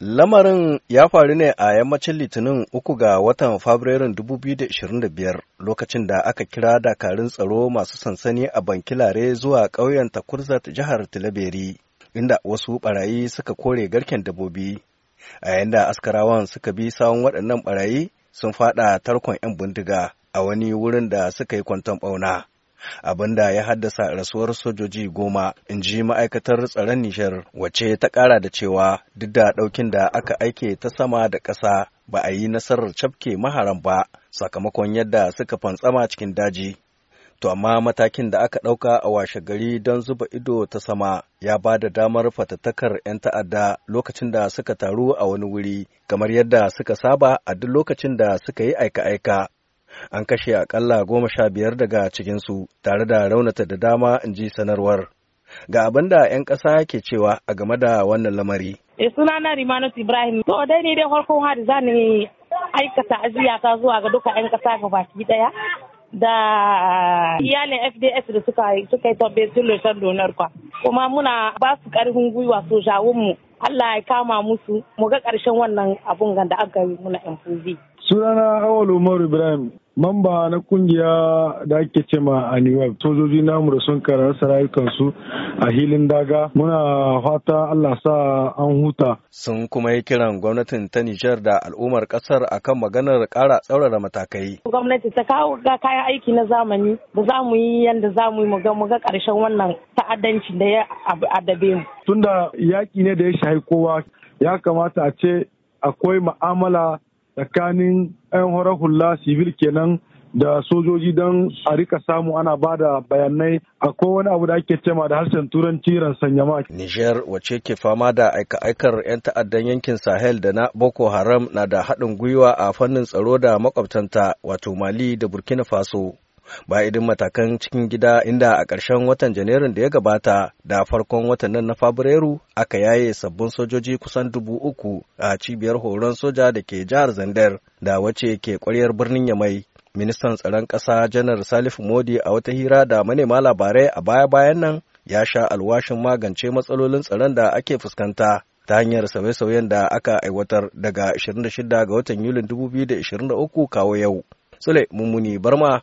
Lamarin ya faru ne a yammacin Litinin uku ga watan Fabrairun 2025 lokacin da aka kira dakarun tsaro masu sansani a Bankilare zuwa ƙauyen Takurzat jihar Tilaberi, inda wasu barayi suka kore garken dabobi. A yayin da askarawan suka bi sawon waɗannan barayi sun faɗa tarkon 'yan bindiga a wani wurin da suka yi kwanton ɓauna. Abin da ya haddasa rasuwar sojoji goma in ji ma'aikatar tsaron nishar wace ta kara da cewa duk da daukin da aka aike ta sama da ƙasa ba a yi nasarar cafke maharan ba sakamakon yadda suka fantsama cikin daji to amma matakin da aka ɗauka a washe gari don zuba ido ta sama ya ba da damar fatattakar 'yan ta'adda lokacin da suka taru a wani wuri kamar yadda suka saba a duk lokacin da suka yi aika-aika an kashe akalla goma sha biyar daga cikinsu tare da raunata da dama in ji sanarwar ga abin da 'yan ƙasa ke cewa a game da wannan lamari. E sunana Rimanus Ibrahim. To dai ne dai farkon hari zani aikata ajiya ta zuwa ga duka 'yan ƙasa ga baki ɗaya. da iyalin fds da suka suka yi tabbe sun donar kwa kuma muna ba su karfin gwiwa so mu Allah ya kama musu mu ga ƙarshen wannan abun ganda aka yi muna sunana awal ibrahim mamba na kungiya da ake ce ma a New York. sojoji namu da sun kararsa rayukansu a hilin daga muna fata allah sa an huta sun kuma yi kiran gwamnatin ta nijar da al'ummar kasar kan maganar kara tsaurara matakai gwamnati ta kawo ga kayan aiki na zamani da za mu yi yadda za mu yi mu ga karshen wannan ta'addanci da ya adabe mu tunda yaki ne da ya shahi kowa ya kamata a ce akwai ma'amala tsakanin 'yan horar hula civil kenan da sojoji don a rika samu ana ba da bayanai a wani abu da ake cema da harshen turanci ransanyama. Niger wace ke fama da aika-aikar 'yan ta'addan yankin Sahel da na Boko Haram na da haɗin gwiwa a fannin tsaro da makwabtanta wato Mali da Burkina Faso. Ba idan matakan cikin gida inda a ƙarshen watan janairun da ya gabata da farkon watan nan na fabrairu aka yaye sabbin sojoji kusan dubu uku a cibiyar horon soja da ke jihar zandar da wace ke ƙwaryar birnin yamai ministan tsaron ƙasa janar Salif modi a wata hira da manema labarai a baya-bayan nan ya sha alwashin magance matsalolin tsaron da ake fuskanta ta hanyar sauye-sauyen da aka aiwatar daga 26 ga watan yulin 2023 kawo yau. Sule Mummuni Barma